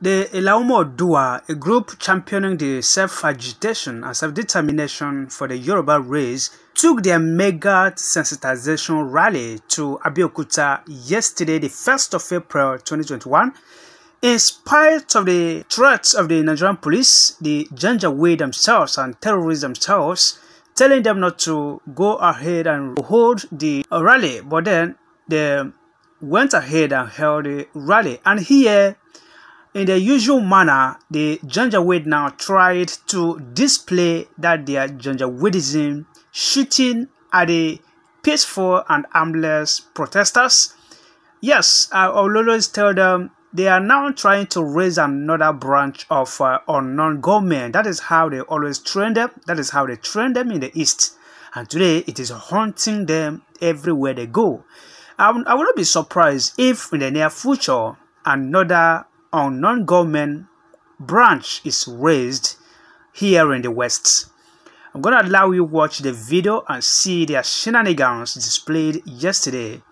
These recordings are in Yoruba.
The Elaumo Dua, a group championing the self-agitation and self-determination for the Yoruba race, took their mega sensitization rally to Abeokuta yesterday, the 1st of April 2021. In spite of the threats of the Nigerian police, the Janjaweed themselves and terrorists themselves telling them not to go ahead and hold the rally, but then they went ahead and held the rally. And here in the usual manner, the Janjaweed now tried to display that their Janjaweedism, shooting at the peaceful and harmless protesters. Yes, I will always tell them they are now trying to raise another branch of uh, unknown government. That is how they always train them. That is how they train them in the East. And today it is haunting them everywhere they go. I will not be surprised if in the near future another on non-government branch is raised here in the West. I'm gonna allow you watch the video and see their shenanigans displayed yesterday.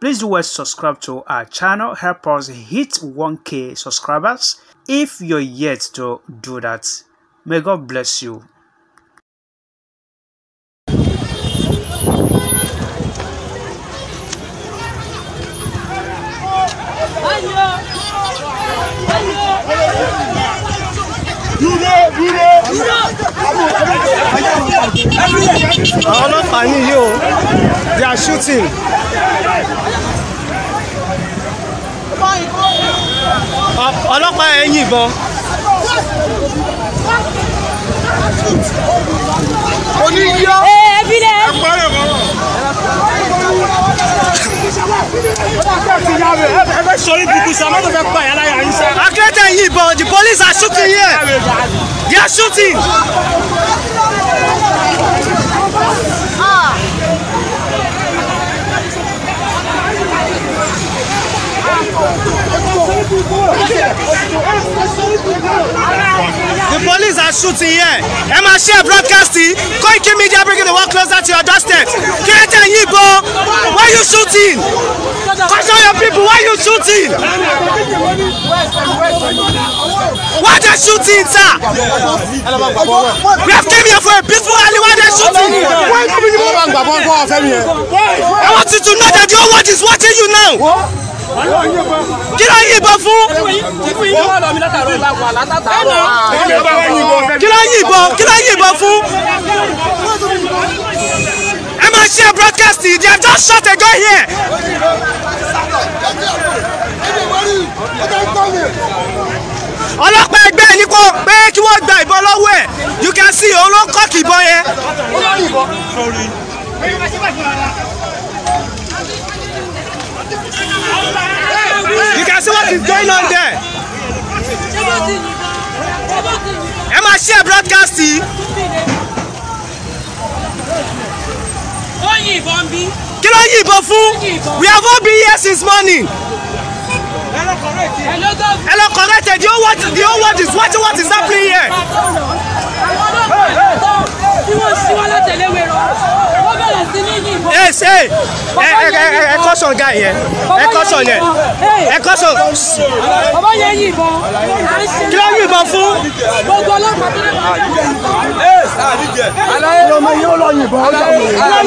Please do well subscribe to our channel, help us hit 1k subscribers if you're yet to do that. May God bless you. àwọn ọlọ́pàá ní yìí o they are shooting. ọlọ́pàá ẹ̀ ń yìnbọn. oníyọ́ ẹ̀ ẹ̀ fi lẹ̀. ẹ̀ parẹ́ mọ́. Akéréte yìí bọ̀ the police are shooting here they are shooting. Ah. The police are shooting here. Ẹ máa share broadcasting. Koiki Media bringing the world closer to your doorstep. Kí ló tẹ̀ yín bọ́? Why you shooting? Question your people, why you shooting? Why they shooting, sir? We have came here for a peaceful rally. Why they shooting? I want you to know that your world is watching you now kí ló ń fún. kí ló ń yìnbọn kí ló fún. ẹ máa ṣe broadcasting they have just shot a gun here. ọlọ́pàá ẹgbẹ́ ẹ ní kó pé kí wọ́n gba ìbọn lọ́wọ́ ẹ̀ you can see òun ló ń kọ́kì ìbọn yẹn. You can see what is going on there. Ẹ máa ṣe broadcast yìí. Ó you bí. We have all been here since morning. Hello, correct. The whole world, the whole world is watching what is happening here ẹ ṣe ẹ ẹ ẹ kọ́sọ̀ ga yẹn ẹ kọ́sọ̀ yẹn ẹ kọ́sọ̀. bàbá yẹn yìnbọn kí ló yìnbọn fún. gbogbo ọlọ́pàá tó lè máa yìnbọn. ọmọ yìí ó lọ yìnbọn. ó lọ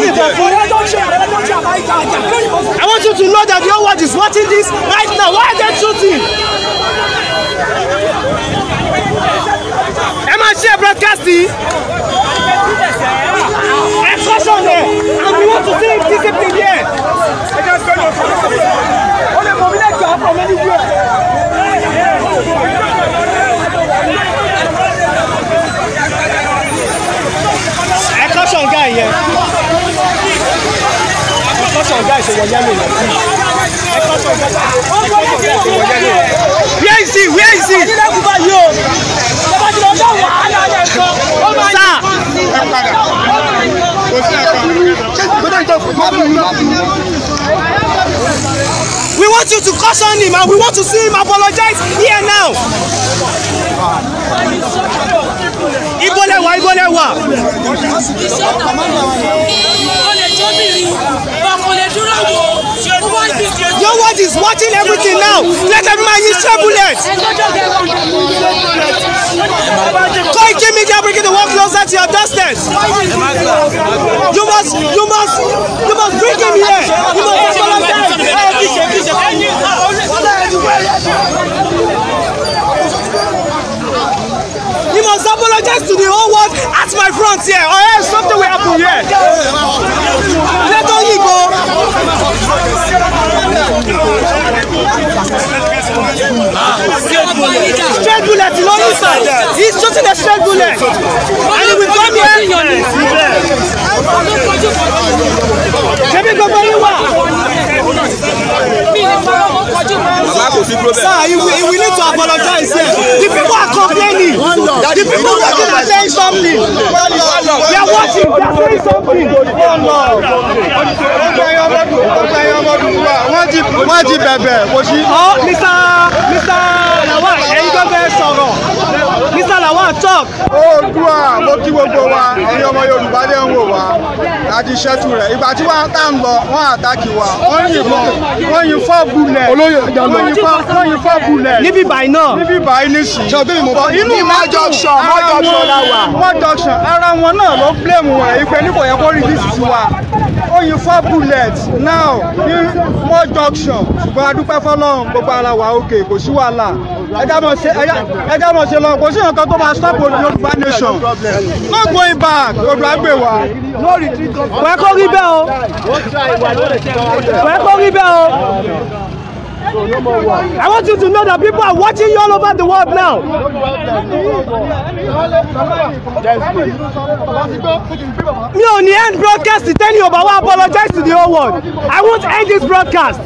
yìnbọn fún. I want you to know that your world is watching this right now why are they shooting. ẹ máa ṣe broadcasting demonstration there and we want to see discipline here. ó lè mọ̀ mí lẹ́gbẹ̀ẹ́ from anywhere. ẹ kọ́ṣọ̀ ń gá ìyẹn ẹ kọ́ṣọ̀ ń gá ìṣòwò yẹn mi lọ. We want you to caution him and we want to see him apologize here now. Ibolewa Ibolewa. Your word is watching everything now. Let him man use bullet. Koiki Media bringing the walk closer to your doorstep. front here or oh, else something will happen here. Let's go, go. Straight bullet, you know sir. He's shooting a straight bullet. And he will come here. Ṣebí gbogbo yín wà. Bàbá Sir, you will, you will need to apologize here. The people are complaining. That The people working are saying something. They are watching. They are saying something. Wọ́n ti Mr. Mr. Lawal ẹ̀yin tó fẹ́ sọ̀rọ̀ Mr. Lawal talk. Oòdùà mo kí gbogbo wa ẹ̀yin ọmọ Yorùbá lè ń wò wá láti ṣẹ́tù rẹ̀ ìgbà tí wọ́n tá ń lọ wọ́n àtàkì wa wọ́n yìnbọn wọ́n yin fọ́ bulẹ̀ olóyè ìjàlọ wọ́n yin fọ́ bulẹ̀. níbí báyìí náà níbí báyìí nísìnyí. ṣọdọ ìmọ̀ inú mọ́jọ́sán mọ́jọ́sán la wà. mọ́jọ́sán ara wọn náà ló blame wọn ìpè níbo yẹ kó rí dísìsì wa oyinfọ bullet now ní mọ́ junction ṣùgbọ́n adúpẹ́ fọlọ́run gbogbo ara wa òkè kò sí wàhálà ẹjá mọ̀ ṣe lọ kò sí nǹkan tó máa stop the Yorùbá nation no going back odò àgbè wa. wẹ́ẹ́ kó rí bẹ́ẹ̀ o wẹ́ẹ́ kó rí bẹ́ẹ̀ o. I want you to know that people are watching you all over the world now. Me on the end broadcast tẹ́ni you about. wá apologize to the whole world. I won't end this broadcast.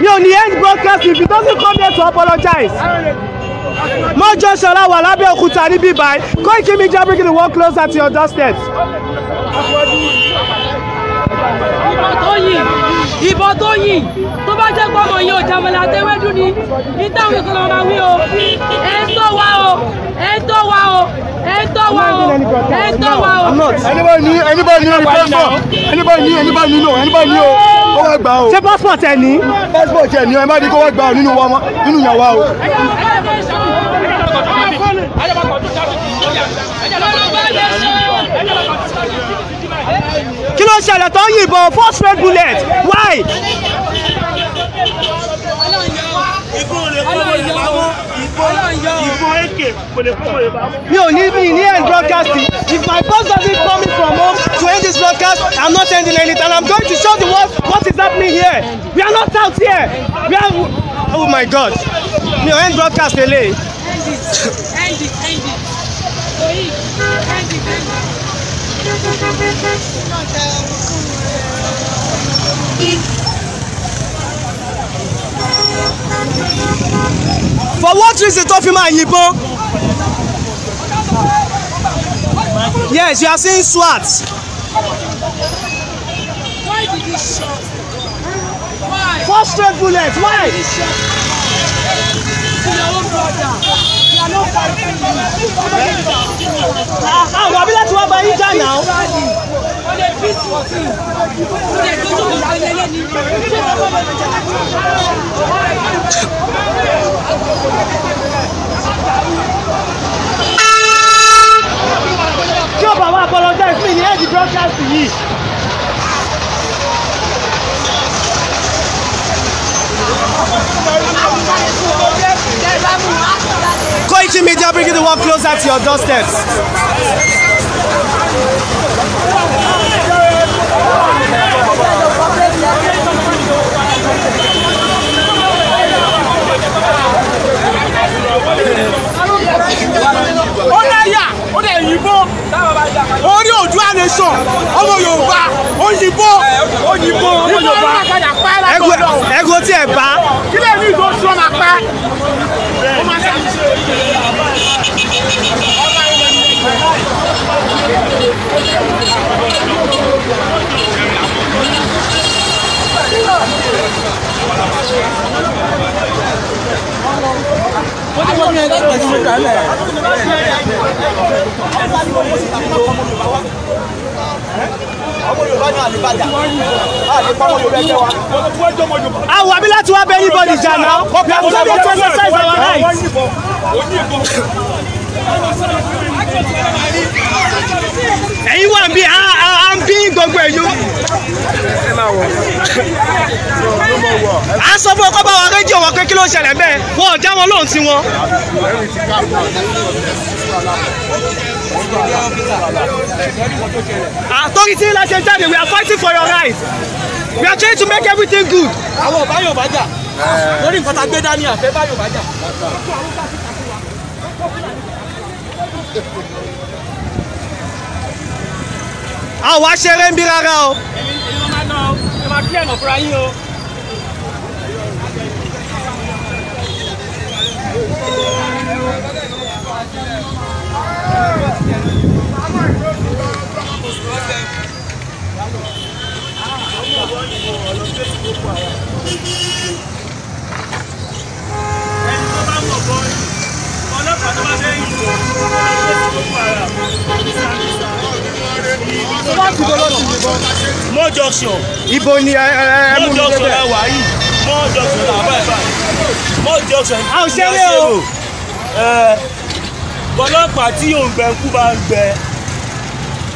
Me on the end broadcast if he doesn't come here to apologize. Mọ́jọ́ Ṣọlá wà lábẹ́ òkúta níbí báyìí Koiki Media bringing the world closer to your doorstep ìbọn tó yìn ìbọn tó yìn tó bá jẹ́ pọ́mọ yìí ò jàmọ̀lá àtẹwédú ni ní táwọn èso náà máa wí o ẹ ń tó wá o ẹ ń tó wá o ẹ ń tó wá o ẹ ń tó wá o. anybody ní anybody ní ẹni pẹ́ẹ́fọ̀ anybody ní anybody nínú anybody ní o kó wá gbà o. ṣé passport ẹ ní. passport ẹ ní ẹ má di kó wá gbà o nínú wa nínú ìyàwó o. Yorùbá nation ń ṣẹlẹ̀ tó ń yìnbọn four straight bullets why. Yo, leave me here and end broadcasting if my boss doesn't call me from home to end this broadcast i'm not ending it and i'm going to show the world what is happening here we are not out here we are oh my god Yo, end broadcast ò end it. End it. for what reason tó fi máa yìnbọn yes you are seeing SWAT. why did you four straight bullets why àwọn abilá tí wọ́n bá yín jà náà. tí ó bá wà apologize mi ní ẹ́ẹ̀dì broadcast yìí. Thank you. Going to Media bringing the world closer to your doorsteps. ó dẹ̀ yà ó dẹ̀ yìnbó orí Oòduà nation ọmọ Yorùbá ó yìnbó ó yìnbó ó yìnbó ó yìnbó ó yìnbó ẹ̀gọ́ tí ẹ̀ bá. kí ní ìgò sọ máa pa. Thank you àwọn Yorùbá ni àlùbájà àlùbá àwọn Yorùbá ẹgbẹ́ wa. àbí láti wá bẹ́ẹ̀ níbọn ìjà náà we are so much exercise our rights. ẹ̀yin wà ń bí à ń bí gbogbo ẹ̀yọ́ à ń sọ fún ọkọ báwọn rédíò wọn pé kí ló ń ṣẹlẹ̀ bẹ́ẹ̀ wọn ò já lóhùn sí wọn. àtọ́rí tí ńlá jáde we are fighting for your right we are trying to make everything good. àwọn ọba yóò bá jà lórí nǹkan tá a gbé dání àfẹ́ bá yóò bá jà. a wá ṣeré ń bí rárá o. èmi ló máa ná ọ ẹ máa kí ẹ̀nà fúnra yín o. mọ ni ẹ ẹ mú mi débẹ̀. mọ junction ẹ wà yìí mọ ẹ bá junction. àwọn ṣẹlẹ̀ o bọ́lọ́pàá tí yóò ń bẹ kú bá ń bẹ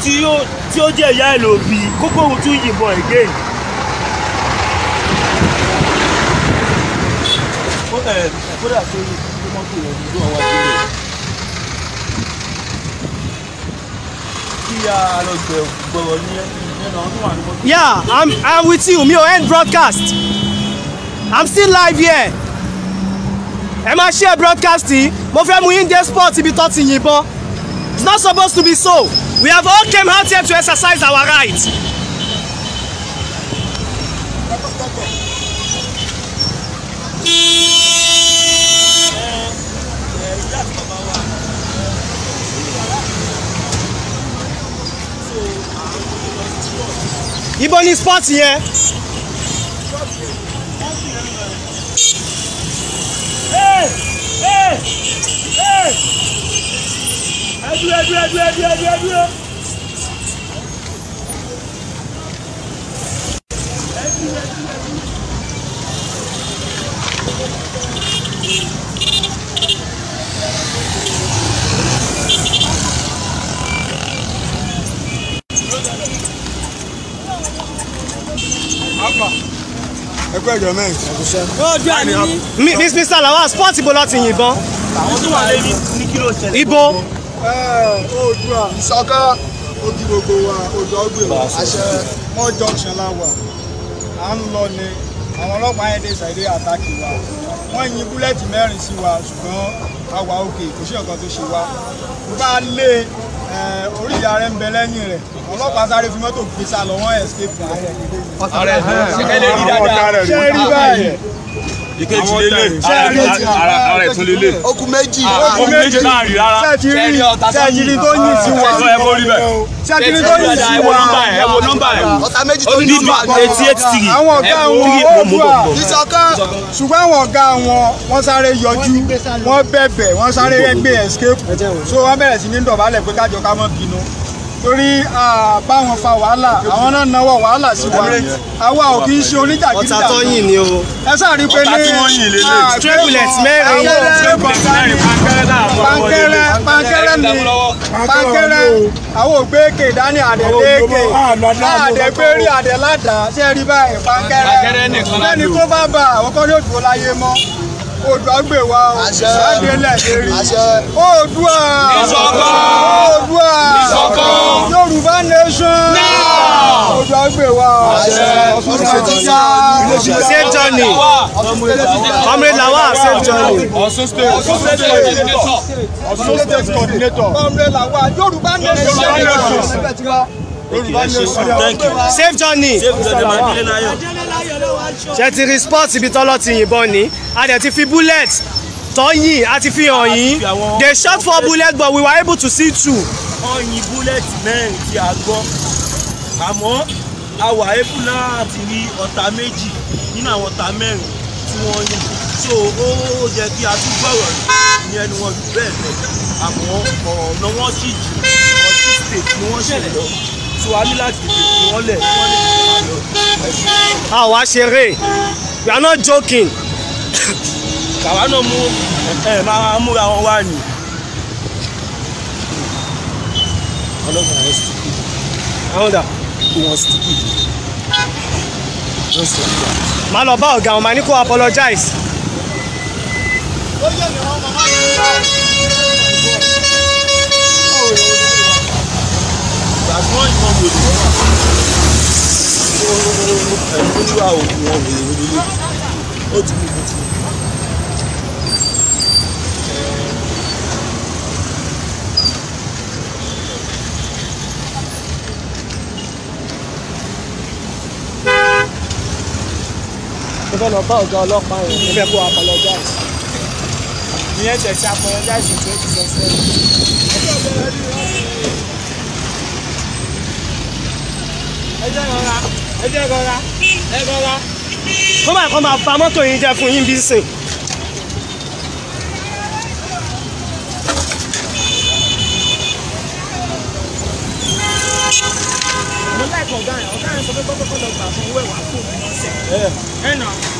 tí ó jẹ́ ìyá ẹ̀ kókó òun tún yìnbọn again. Yeah, I'm, I'm with you. Mi end broadcast. I'm still live here ẹ máa share broadcasting? yìí mo fẹ́ mú yín dé sport ibi tó ti yìnbọn it's not supposed to be so we have all came out here to exercise our rights. ibo ni sport yẹn. Ẹdúró ẹdúró ẹ kú ẹjọ mẹ́rin. ojú àmì ni. mr lawal sport ibo láti yìnbọn. àwọn tó wà lẹ́yìn ní kí ló ṣẹlẹ̀. ibo. ẹ ẹ oòdùà ìṣọ̀ká ojú gbogbo wa ojú ọgbẹ wa àṣẹ mọ junction la wà à ń lọ ni àwọn ọlọ́pàá yẹn dé sàìdé àtàkì wa wọ́n yin búlẹ́ẹ̀tì mẹ́rin sí wa ṣùgbọ́n àwa òkè kò sí ọ̀kan tó ṣe wa bá a lé e. Eh, orí ìyá rẹ̀ ń bẹ lẹ́yìn rẹ̀ ọlọ́pàá sáré fi mọ́tò gbé sá lọ wọ́n escape ààrẹ ìdílé yìí. ààrẹ ìdílé yìí ṣe rí báyìí ìkejì lélẹ̀ ara ẹ̀ tún lélẹ̀. okùn méjì okùn méjì láàrin rárá. sẹ́ẹ̀tìrì sẹ́ẹ̀tìrì tó yìn sí wa. sẹ́ẹ̀tìrì tó yìn sí wa. ẹ nọ́mbà ẹ. ọ̀tá méjì tó yìn sí wa. etí etí tigi àwọn ọ̀gá wọn ìṣọ̀kan ṣùgbọ́n àwọn ọ̀gá wọn wọ́n sáré yọjú wọ́n bẹ̀bẹ̀ wọ́n sáré ẹgbẹ́ escape so wọ́n bẹ̀rẹ̀ sí ní dọ̀bálẹ̀ pé kájọ ká mọ́ bínú torí bá wọn fa wàhálà àwọn náà náwó wàhálà sí wa àwa ò kì í ṣe oníjàgídíjà ọ̀tà tọ́yìn ni o ẹ sáà rí pé ní trébùlẹ̀tì mẹ́rin pankẹ́rẹ́ pankẹ́rẹ́ ni pankẹ́rẹ́ àwọn ògbéèkè dání àdẹ̀lẹ́ẹ̀kè àdẹ̀gbérí àdẹ̀ládàá ṣe rí báyìí pankẹ́rẹ́ lẹ́ni tó bá bá àwọn kọ́ yóò dúró láyé mọ́. Oòduà gbè wá o láti ẹlẹ́ẹ̀dẹ́rì Oòduà Oòduà Yorùbá nation Oòduà gbè wá o Ọ̀ṣun ṣètìyà same journey ọmọ ilà wa same journey Ọ̀ṣun state Ọ̀ṣun state coordinator ọmọ ilà wa Yorùbá nation Yorùbá nation thank you safe journey ṣe ti rí sport ibi tọ́lọ́ ti yìnbọn ni a dẹ̀ ti fi bullet tọ́yìn a ti fi hàn yín they shot four bullets but we were able to see two. ọyìn bullet mẹ́rin tí a gbọ́ àmọ́ a wà able láti rí ọ̀tá méjì nínú àwọn ọ̀tá mẹ́rin tí wọ́n yìn so ó yẹ kí a tún gbọ̀rọ̀ ní ẹnu wọn jù bẹ́ẹ̀ lọ àmọ́ ọ̀nà wọn sì jù ọtí state ni wọ́n ṣẹlẹ̀ lọ so a ní ṣeré we are not joking. kàwa náà mú ẹ máa múra wọn wá ni. ọlọ́run àrẹ sticky àwọn dà wọn sticky just like that. máa lọ bá ọ̀gá wọn ní kó apologize. ó yẹ mi wọ́n máa. ojú mo fẹ́ lọ bá ọ̀gá ọlọ́pàá yẹn mo fẹ́ kó apologize. ìyẹn tẹ̀ apologize pé kì í sọ ẹ jẹ́ rọra máa ba mọ́tò yín jẹ́ fún yín bí sìn. ọ̀gá yẹn ọ̀gá yẹn sọ pé gbọ́dọ̀ gbọ́dọ̀ gbà fún owó ẹ̀wà fún òun lọ́sẹ̀. ẹ̀ náà.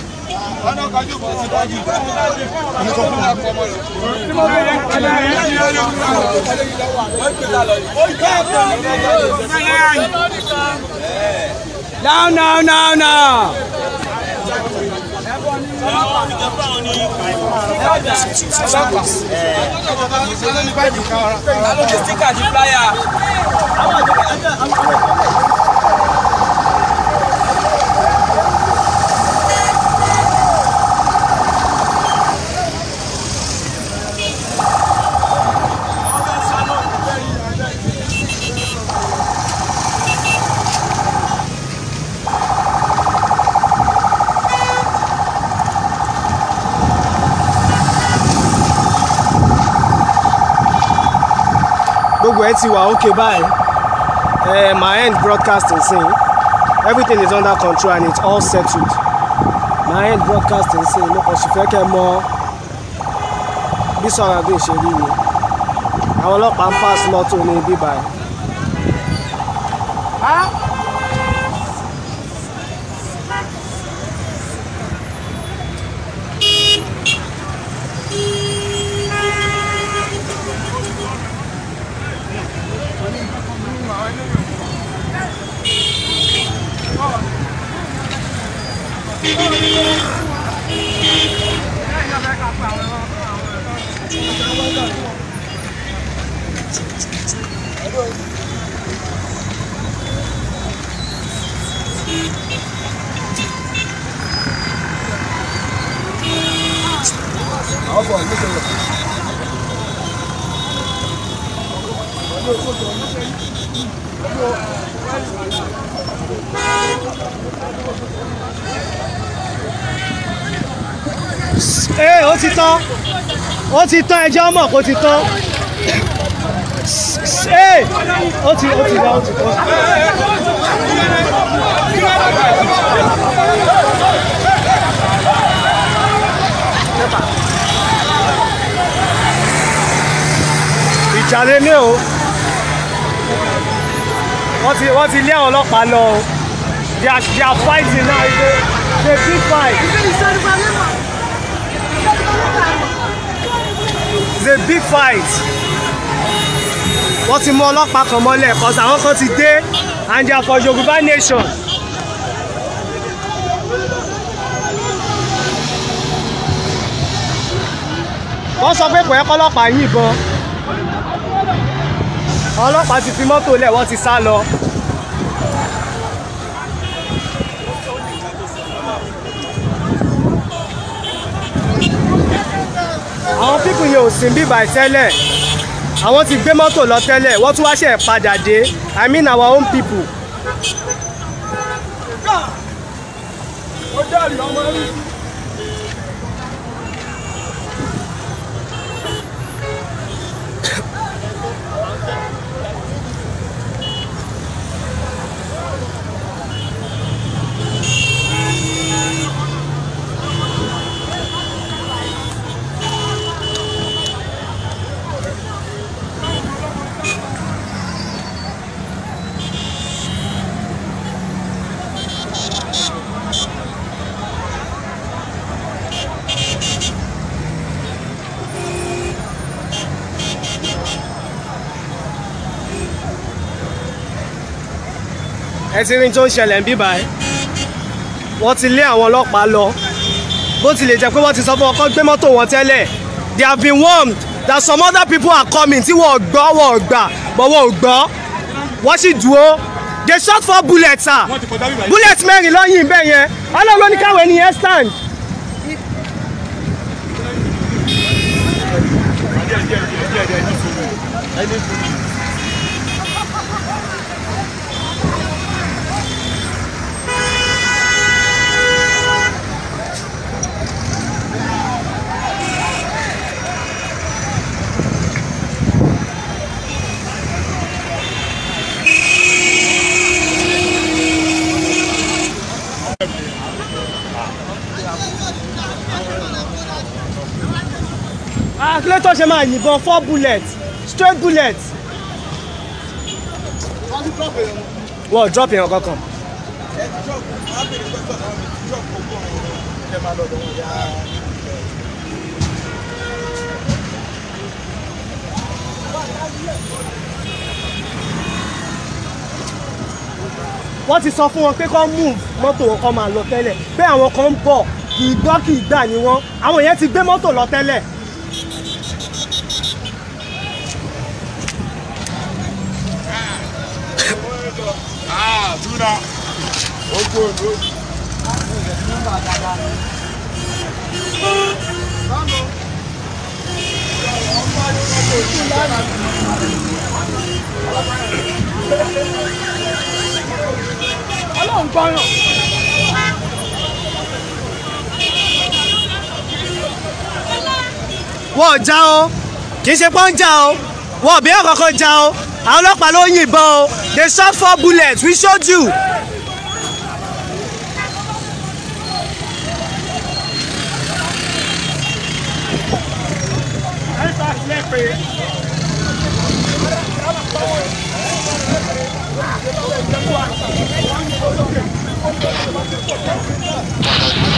No! No! No! No! gbogbo ẹ ti wà ok báyìí uh, my end broadcasting sin everything is under control and it's all settled my end broadcasting sin no, kàn sì fẹ́ kẹ́ mọ bí sọ̀rọ̀ àgbẹ̀ ṣe rí mi àwọn ọlọ́pàá ń pass mọ́tò ní bíbá yìí. Huh? 老管那个。ee eh, ó ti tán ó ti tán ẹjọ́ mọ̀ kó ti tán ee eh, ó ti ó ti wá ó ti tán. ìjà lélẹ̀ o wọ́n ti wọ́n ti lé àwọn ọlọ́pàá lọ o they are they are fighting now it's a it's fight. it's a big fight wọ́n ti mú ọlọ́pàá kan mọ́lẹ̀ cause àwọn kan ti dé and they are for Yorùbá nation. wọ́n sọ pé kò yẹ kọ́lọ́pàá yìnbọn ọlọ́pàá ti fi mọ́tò lẹ̀ wọ́n ti sá lọ. àwọn pípù yẹn ò sí bíbà tẹ́lẹ̀ àwọn ti gbé mọ́tò lọ tẹ́lẹ̀ wọ́n tún wá ṣe padà dé i mean our own people. ó dàrí ọmọ ẹ ti rí tó ń ṣẹlẹ̀ ń bíbá ẹ wọ́n ti lé àwọn ọlọ́pàá lọ bó tilẹ̀ jẹ́ pé wọ́n ti sọ fún ọkọ gbé mọ́tò wọn tẹ́lẹ̀ they have been warned that some other people are coming tí wọ́n gbọ́ wọ́n gbà but wọ́n gbọ́ wọ́n sì dúró they shot four bullets ah bullet mẹ́rin lọ́yìn bẹ́ẹ̀ yẹn ọlọ́run ló ní káwé ni yẹn stand. Thank you. tó ṣe máa yìnbọn four bullets straight bullets. wọ́n drop èèyàn kankan. wọ́n ti sọ fún wọn pé kó move mọ́tò wọn kó máa lọ tẹ́lẹ̀ pé àwọn kan ń bọ̀ kì í gbọ́ kì í gbà ni wọ́n àwọn yẹn ti gbé mọ́tò lọ tẹ́lẹ̀ àdúrà ogbó òdó. ọlọ́run gbọ́ràn. wọ́n ò já o kì í ṣe pọ́n já o wọ́n ò bí ọ̀kọ̀ọ̀kan já o àwọn ọlọ́pàá ló ń yìnbọn o. They shot four bullets. We showed you. Thank you.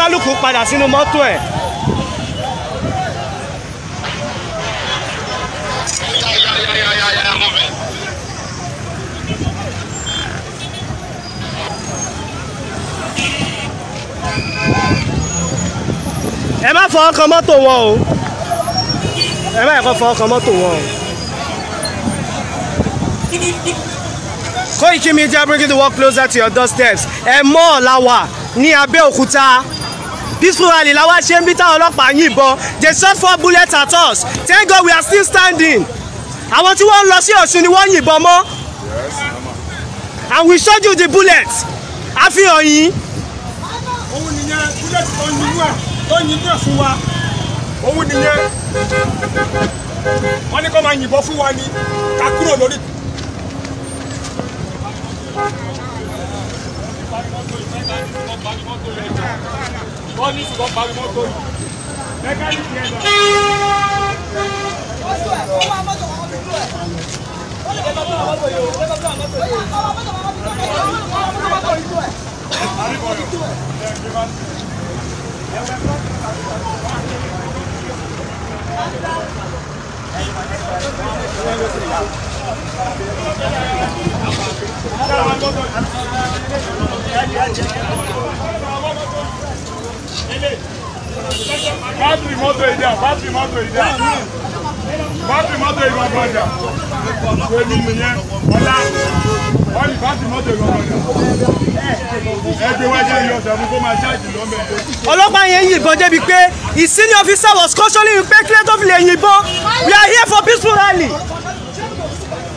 kálukú padà sínú mọ́tò ẹ̀. ẹ má fọ ọkàn mọ́tò wọn o ẹ má ẹ̀kọ́ fọ ọkàn mọ́tò wọn o. Koiki Media bringing the work closer to your doorsteps ẹ mọ́ ọ̀la wà ní Abẹ́òkúta peaceful rally làwa ṣe ń bí táwọn ọlọ́pàá yìnbọn they shot four bullets at us thank God we are still standing àwọn tí wọ́n lọ sí Ọ̀ṣun ni wọ́n yìnbọn mọ́ and we showed you the bullets. àfihàn yìí. òun nìyẹn bullet tó ń yinú ẹ̀ tó ń yinú ẹ̀ fún wa òun nìyẹn wọ́n ní kó máa yìnbọn fún wa ni ká kúrò lórí. Thank you wọ́n ní ṣùgbọ́n Bátìrì mọ́tò ìdí à, bátìrì mọ́tò is à. Bátìrì mọ́tò ìlú ọgbọ́n ìdí à. Èmi nìyẹn, ọ̀la, ọ̀lì bátìrì mọ́tò senior officer was cautioning pé kílẹ̀ tó fi lè yìnbọn. We are here for peaceful rally.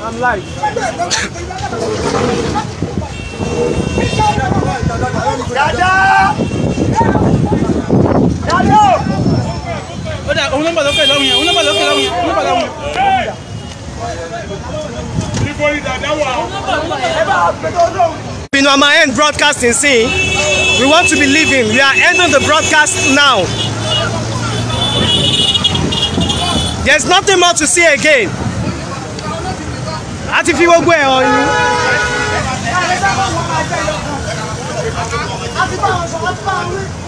I'm live. Dada! ọ̀dà òun nọ́mbà lókè lọ́rùn yẹn òun nọ́mbà lókè lọ́rùn yẹn òun nọ́mbà lọ́rùn yẹn. níbo ni dàda wà. my end broadcasting see we want to be leaving we are ending the broadcast now there's nothing more to see again a ti fi gbogbo ẹ̀ hàn yín. a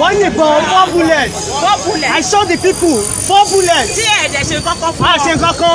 wọ́n yìnbọn four bullets. four bullets. I shot the people four bullets. tí ẹ̀ẹ́dẹ̀ ṣe kọ́kọ́ fún ọ. a ṣe kọ́kọ́.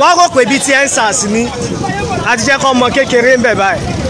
wọ́n rò pé bíi ti ẹ́ńsàs ni àti jẹ́ kọ́ ọmọ kékeré ń bẹ̀ báyìí.